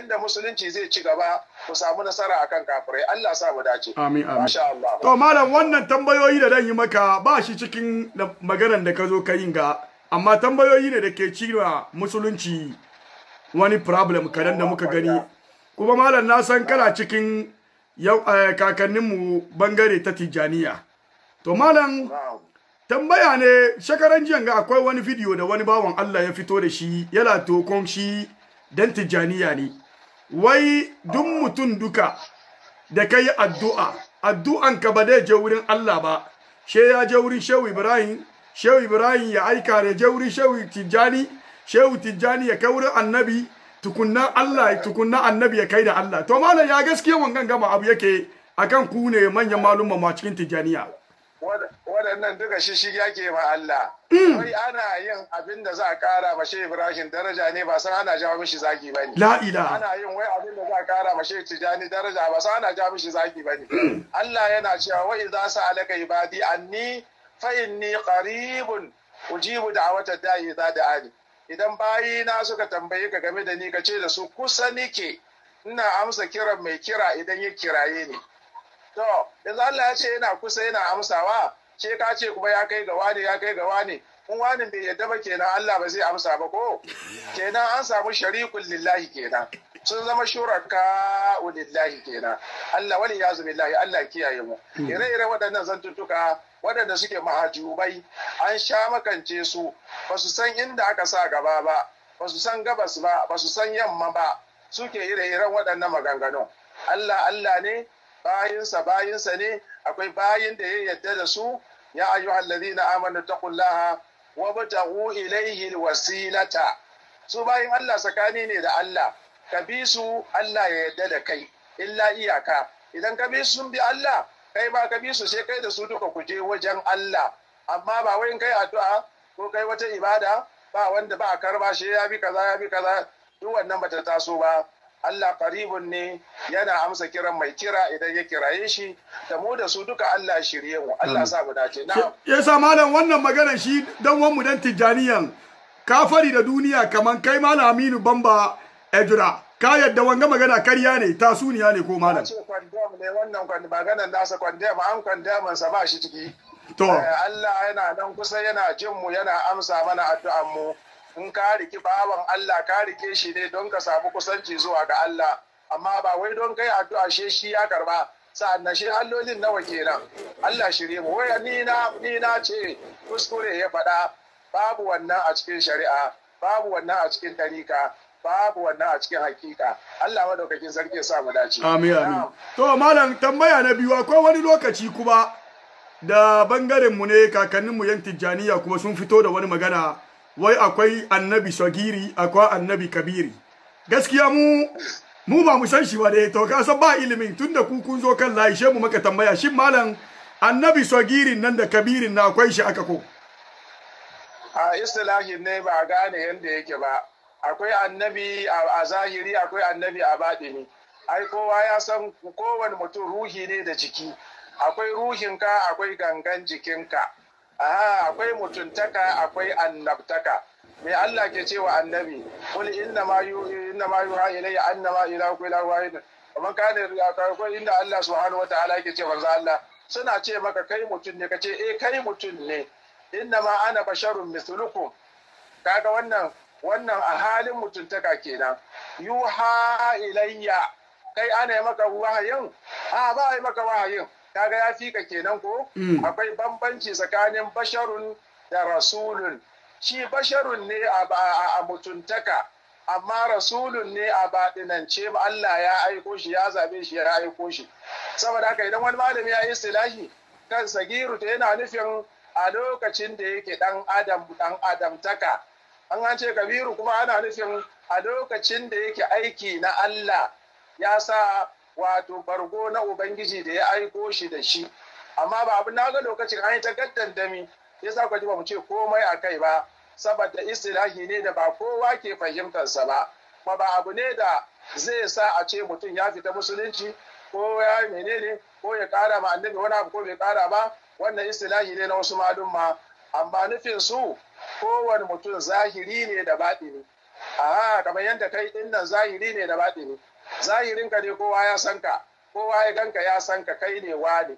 yadda musulunci zai ci gaba ku samu nasara akan kafirai Allah sa mu dace amin amin masha Allah to malam wannan tambayoyi da dan yi maka ba shi cikin maganar da ka zo ka yin ga amma tambayoyi ne da ke cira musulunci wani problem kadan da muka gani kuma malam na san kana cikin eh, kakanninmu bangare ta tijaniya to malam tambaya ne shekaran jiyan ga akwai wani video da wani bawan Allah ya fito da shi yana tokon shi dan tijaniya ne wai duk mutum duka da ka yi addu'a addu'an ka ba zai je wurin Allah ba she ya je wurin shehu ibrahim shehu ibrahim ya aika da je wurin shehu tijjani shehu tijjani ya kai wurin annabi tukunna Allah tukunna annabi ya kai da Allah to malam ya gaskiya wangan gama abu yake akan ku ne manyan malumma ma cikin tijjaniya waɗannan duka shishigi ke ma Allah. Mm. Wai ana yin abin da za a ƙara ma Shehu Ibrahim daraja ne ba san ana jawo mishi zaki ba ne. La'ila. Ana yin wai abin da za a ƙara ma Shehu Tijani daraja ba san ana jawo mishi zaki ba ne. Mm. Allah yana cewa wai za su alaka ibadi anni fa inni qaribun ujibu a da'i da za da ani, Idan bayi na suka tambayi ka game da ni ka ce da su kusa nike ina amsa kiran mai kira idan ya kiraye ni. To, yanzu Allah ya ce yana kusa yana amsawa ce ka ce kuma ya kai ga ne, ya kai gawa ne. in wani bai yadda ba kenan Allah ba zai amsa ba ko kenan an samu sharikun lillahi kenan sun zama shuraka lillahi kenan Allah wani ya zubi lillahi Allah kiyaye mu hmm. ire-ire waɗannan zantuttuka waɗanda suke mahajubai an sha makance su ba su san inda aka sa gaba ba ba su san gabas ba ba su san yamma ba suke ire-iren waɗannan maganganun Allah Allah ne bayinsa bayinsa ne akwai bayin da ya yadda da su يا أيها الذين آمنوا اتقوا الله وابتغوا إليه الوسيلة سبحان الله سكاني ني الله كبيسو الله يدد كي إلا إياك إذا كبيسو بي الله kai ba ka bi su sai kai da su duka ku je wajen Allah amma ba wai kai addu'a ko kai wata ibada ba wanda ba a karba shi ya bi kaza ya bi kaza duk wannan taso ba Allah qaribun ne yana amsa kiran mai kira idan ya kiraye shi da mu da su duka Allah shirye mu Allah sa mu dace na sa malam wannan magana shi dan wan mu dan tijaniyan kafari da duniya kaman kai malam Aminu Bamba Ejura ka yadda wanga magana kariya ne ta suniya ne ko malam ce kwandam ne wannan kwand magana nasa kwandam an kwandam sa ba shi ciki to eh, Allah yana nan kusa yana jin mu yana amsa mana addu'an mu in ka riki bawan Allah ka rike shi ne don ka samu kusanci zuwa ga Allah amma ba wai don kai addu'a she shi ya karba sa'annan shi allolin nawa kenan Allah shirye mu wai ni na ni na ce kuskure ya faɗa babu wannan a cikin shari'a babu wannan a cikin tarika babu wannan a cikin hakika Allah madaukakin sarki ya sa mu dace amin amin to malam tambaya na biyu akwai wani lokaci kuma da bangaren mu ne kakannin yan tijjaniya kuma sun fito da wani magana wai akwai annabi shagiri akwai annabi kabiri gaskiya mu mu ba mu san shi ba dai to ka san ba ilimin tunda ku kun zo kan laishe mu maka tambaya shin malam annabi shagirin nan da kabirin na akwai shi aka ko a istilahin ne ba gane yadda yake ba akwai annabi a zahiri akwai annabi a baɗini ai kowa ya san kowane mutum ruhi ne da jiki akwai ruhinka akwai gangan jikinka aha akwai mutuntaka akwai annabtaka me Allah ke ce wa annabi wani inna ma yu inna ma yuha ilayya annama ilahukum ilahu wahid kaman kana ko inda Allah subhanahu ala ke ce manzo Allah suna ce maka kai mutum ne kace eh kai mutum ne inna ma ana basharun mislukum kaga wannan a halin mutuntaka kenan yuha ilayya kai ana yi maka wahayin a ba a yi maka wahayin kaga ya fika kenan ko mm. akwai bambanci tsakanin basharun da rasulun shi basharun ne a mutuntaka amma rasulun ne a baɗinance Allah ya aiko shi ya zabe shi ya aiko shi saboda haka idan wani malami ya yi silahi kan sagiru ta yana nufin a lokacin da yake dan adam dan adam taka an an ce kabiru kuma ana nufin a lokacin da yake aiki na Allah ya sa wato bargo na ubangiji da ya aiko shi da shi amma ba abin na ga lokacin an yi ta gaddandami ya sa kwaji ba mu ce komai a kai ba saboda istilahi ne da ba kowa ke fahimtarsa ba kuma ba abu ne da zai sa a ce mutum ya fita musulunci ko ya menene ko ya kara ma annabi wani abu ko bai kara ba wannan istilahi ne na wasu ma amma nufin su kowane mutum zahiri ne da ne. a kamar yadda kai ɗin zahiri ne da ne. zahirinka ne kowa ya san ka kowa ya ganka ya san ka kai ne wa ne?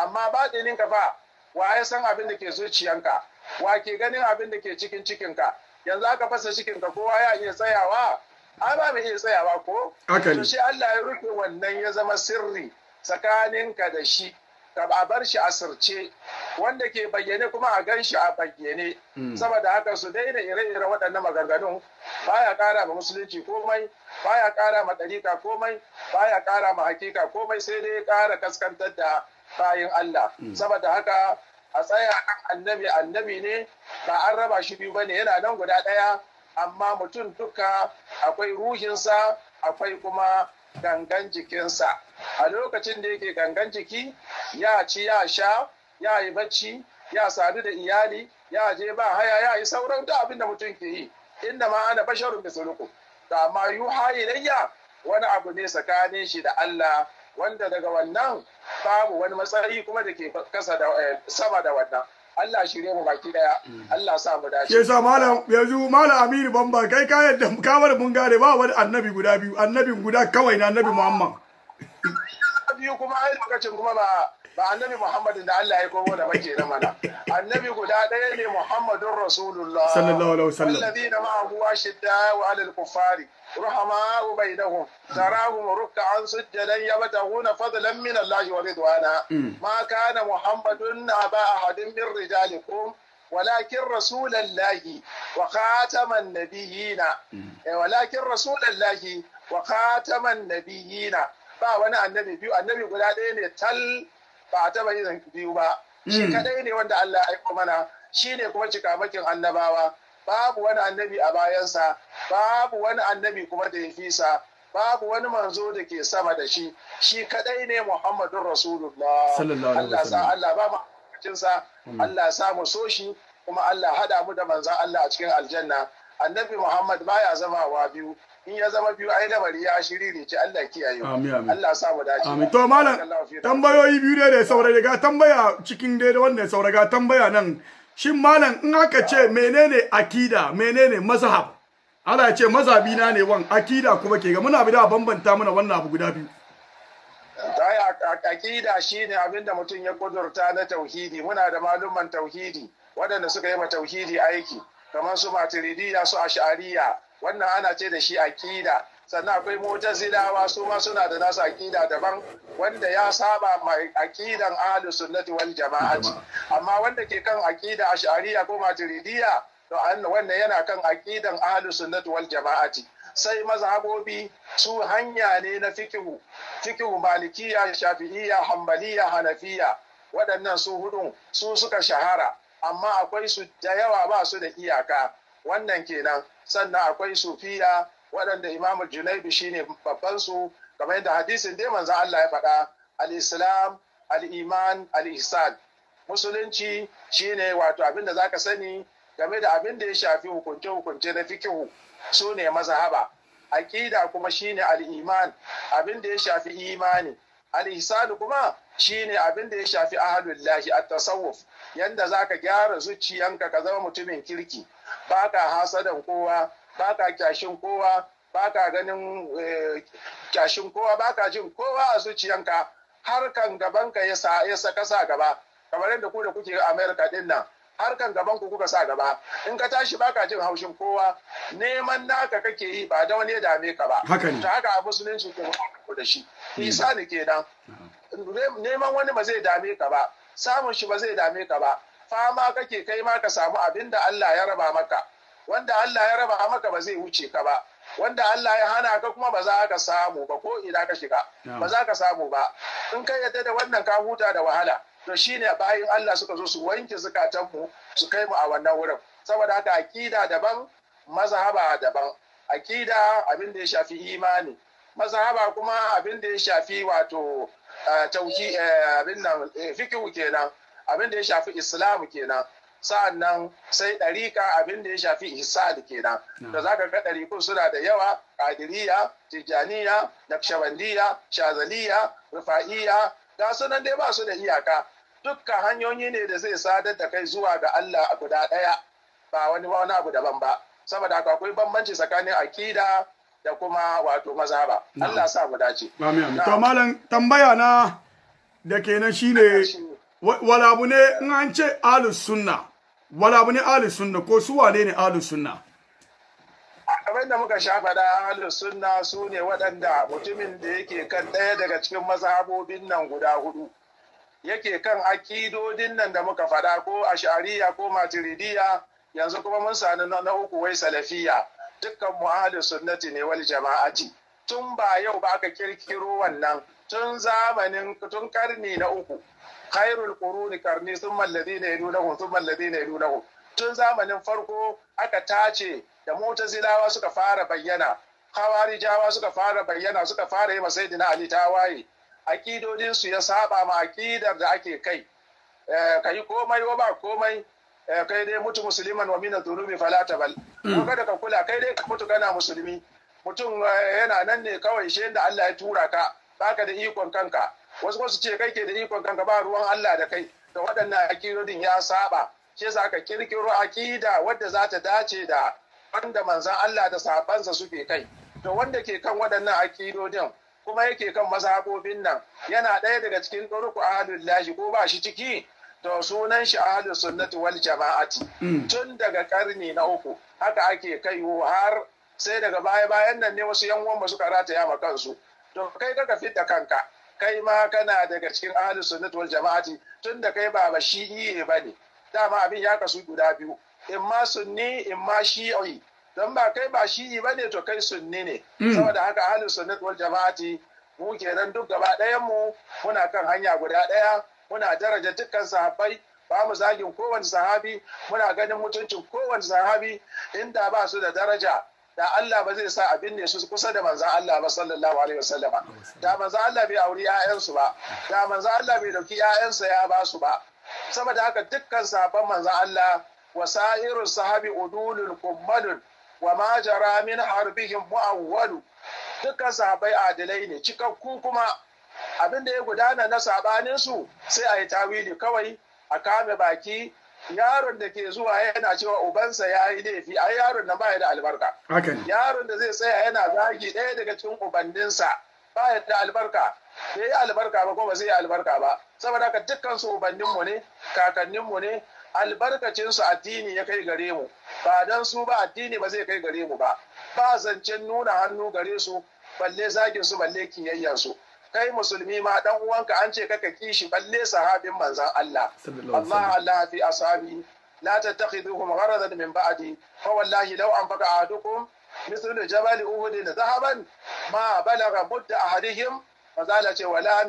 amma baɗininka fa wa ya san abin da ke zuciyanka wa ke ganin abin da ke cikin cikinka yanzu aka fasa cikinka kowa ya iya tsayawa ai ba mu iya tsayawa ko to shi Allah ya rufe wannan ya zama sirri tsakaninka da shi ka bar shi a asirce wanda ke bayyane kuma a gan shi a bayyane hmm. saboda haka su daina ire-ire waɗannan maganganun baya ƙara ma musulunci komai baya ƙara ma ɗarika komai baya ƙara ma hakika komai sai dai ƙara kaskantar da bayin Allah hmm. saboda haka a tsaya annabi annabi ne ba an raba shi biyu bane yana nan guda ɗaya amma mutum duka akwai ruhinsa akwai kuma gangan jikinsa a lokacin da yake gangan jiki ya ci ya sha ya yi bacci ya sadu da iyali ya je ba haya ya yi sauran duk abin da mutum ke yi inda ma ana basharun mislukum da amma yuha ilayya wani abu ne tsakanin shi da Allah wanda daga wannan babu wani matsayi kuma da ke kasa da eh, sama da wannan Allah shi ne mu baki daya Allah sa mu dace yasa malam yanzu malam Aminu bamba kai ka yadda kamar mun gare ba wani annabi guda biyu annabin guda kawai na annabi Muhammad biyu kuma ai lokacin kuma ba ba annabi Muhammadin da Allah ya komo da bake na mana annabi guda ɗaya ne Muhammadun Rasulullah sallallahu alaihi wasallam alladhina ma'ahu ashidda'u 'alal kuffari رحماء بينهم تراهم ركعا سجدا يبتغون فضلا من الله ورضوانا ما كان محمد أبا ولكن رسول الله وخاتم النبيين ولكن رسول الله وخاتم النبيين ba wani annabi biyu annabi guda ɗaya ne tal ba a taɓa yin biyu ba shi hmm. kaɗai ne wanda Allah ya aiko mana shi ne kuma cikamakin annabawa babu wani annabi a bayansa babu wani annabi kuma da ya fisa babu wani manzo da ke sama da shi shi kaɗai ne Muhammadun Rasulullah Allah sa Allah ba mu hmm. Allah sa mu so shi kuma Allah hada mu da manzon Allah a cikin aljanna annabi Muhammad baya zama wa biyu in ya zama biyu ai bari ya shiri ne ci Allah kiyaye amin amin Allah sa mu dace amin to malam tambayoyi biyu ne da saurayi ga tambaya cikin dai wannan saurayi ga tambaya nan shin malam in aka ce menene akida menene mazhab Allah ya ce mazhabi na ne wan akida kuma ke ga muna bi da bambanta mana wannan abu guda biyu akida shine abinda mutum ya kudurta na tauhidi muna da malumman tauhidi waɗanda suka yi ma tauhidi aiki kamar su maturidiya su ashariya wannan ana ce da shi aƙida sannan akwai motar zidawa su ma suna da nasu aƙida daban wanda ya saba mai aƙidan ahlus sunnati wal jama'ati amma wanda ke kan aƙida ash'ariya ko Maturidiya, to wannan yana kan aƙidan ahlus sunnati wal jama'ati sai mazhabobi su hanya ne na fikihu fikihu malikiya shafi'iyya hambaliya hanafiya waɗannan su hudun su suka shahara amma akwai su da yawa ba su da iyaka wannan kenan sannan akwai sufiya waɗanda imamu junaidu shine babban su kamar yadda hadisin dai manzo Allah ya faɗa al-islam al-iman al-ihsan musulunci shine wato abin da zaka sani game da abin da ya shafi hukunce hukunce na fikihu su ne mazhaba aqida kuma shine al-iman abin da ya shafi imani al-ihsan kuma shine abin da ya shafi ahalullahi at-tasawuf za ka gyara zuciyanka ka zama mutumin kirki baka hasadan kowa baka kyashin kowa baka ganin eh, kyashin kowa baka jin kowa a zuciyanka harkan gabanka ya sa ya saka sa gaba kamar yadda ku da kuke America din nan harkan gaban ku kuka sa gaba in ka tashi baka jin haushin kowa neman naka kake yi ba da wani ya dame ka ba ta haka a musulunci kuma ku da shi hmm. isa ne kenan hmm. neman wani ba zai dame ka ba samun shi ba zai dame ka ba fama kake kai ma ka samu abin da Allah ya raba maka wanda Allah ya raba maka ba zai wuce ka ba wanda Allah ya hana ka kuma ba za ka samu ba ko ina ka shiga hmm. ba za ka samu ba in ka yadda da wannan ka huta da wahala to shine bayan Allah suka zo su wanke zukatanmu su kai mu a wannan wurin saboda haka akida daban mazhaba daban akida abin da ya shafi imani mazhaba kuma abin da ya shafi wato eh, tauki eh, abin nan eh, fikihu kenan abin da ya shafi islam kenan sa'an nan sai ɗarika abin da ya shafi ihsani kenan da zaka ga ɗarikun suna da yawa ƙadiriya, tijjaniya nakshabandiya shazaliya rufa'iya ga sunan dai ba su da iyaka dukkan hanyoyi ne da zai sadar da kai zuwa ga Allah a guda ɗaya ba wani wani abu daban ba saboda haka akwai bambanci tsakanin akida da kuma wato mazhaba Allah sa mu dace to malam tambaya na da kenan shine wala abu ne in an ce ahlus sunna wala abu ne ahlus sunna ko su wane ne ahlus sunna kamar da muka shafa da, ahlus sunna su ne waɗanda mutumin da yake kan ɗaya daga cikin mazhabobin nan guda hudu yake kan akidodin nan da muka faɗa ko ashariya ko matiridiya yanzu kuma mun sani na uku wai salafiya dukkan mu'ahalin sunnati ne wal jama'ati tun ba yau ba aka kirkiro wannan tun zamanin tun karni na uku khairul quruni karni sun thumma alladhina na thumma alladhina yadunahu tun zamanin farko aka tace da mutazilawa suka fara bayyana hawarijawa suka fara bayyana suka fara yi dina ali waye. akidodinsu ya saba ma akidar da ake kai eh, ka yi komai wa ba komai eh, kai dai mutu musulman wa mina zunubi falata bal kada ka kula kai dai ka mutu kana musulmi mutum eh, yana nan ne kawai shi da Allah ya tura ka baka da ikon kanka wasu wasu ce kai ke da ikon kanka ba ruwan Allah da kai da waɗannan akidodin ya saba shi yasa ka kirkiro akida wadda za ta dace da wanda manzan Allah da sabansa suke kai to wanda ke kan waɗannan akidodin kuma yake kan mazhabobin nan yana ɗaya daga cikin ɗoruku ahadullahi ko ba shi ciki to sunan shi ahadu sunnati wal jama'ati mm. tun daga ƙarni na uku haka ake kai har sai daga baya bayan nan ne wasu yan uwan suka ya ma kansu to kai kaka fitta kanka kai ma kana daga cikin ahadu sunnati wal jama'ati tun da kai ba ba shi'i bane dama abin ya kasu guda biyu in ma sunni in ma shi'i don ba kai ba shi ba ne to kai sunni ne hmm. saboda haka ahlus sunnat wal jama'ati mu ke nan duk gaba ɗayan mu muna kan hanya guda ɗaya muna daraja dukkan sahabbai ba mu zagin kowane sahabi muna ganin mutuncin kowane sahabi inda ba su da daraja da Allah ba zai sa abin ne su kusa da manzan Allah ba sallallahu alaihi wasallama da manzan Allah bai auri 'ya'yansu ba da manzan Allah bai dauki 'ya'yansa ya ba su ba saboda haka dukkan sahabban manzan Allah wasa'iru sahabi udulun kummalun wa ma jara min harbihim mu'awwalu dukkan sahabai adilai ne cikakku kuma abin da ya gudana na sabanin su sai a yi tawili kawai a kame baki yaron da ke zuwa yana cewa ubansa ya yi laifi ai yaron nan ba da albarka yaron da zai tsaya yana zagi ɗaya daga cikin ubanninsa Ba da albarka ya yi albarka ba ko ba zai yi albarka ba saboda haka dukkan su ubanninmu ne kakanninmu ne albarkacinsu addini ya kai gare mu ba don su ba addini ba zai kai gare mu ba ba zancen nuna hannu gare su balle zagin su balle kiyayyan su kai musulmi ma dan uwanka an ce kaka kishi balle sahabin manzan Allah Allah Allah fi ashabi la tattakhiduhum gharadan min ba'di fa wallahi law anfaqa ahadukum mithlu jabali uhud dhahaban ma balagha mudda ahadihim fa zala ce wala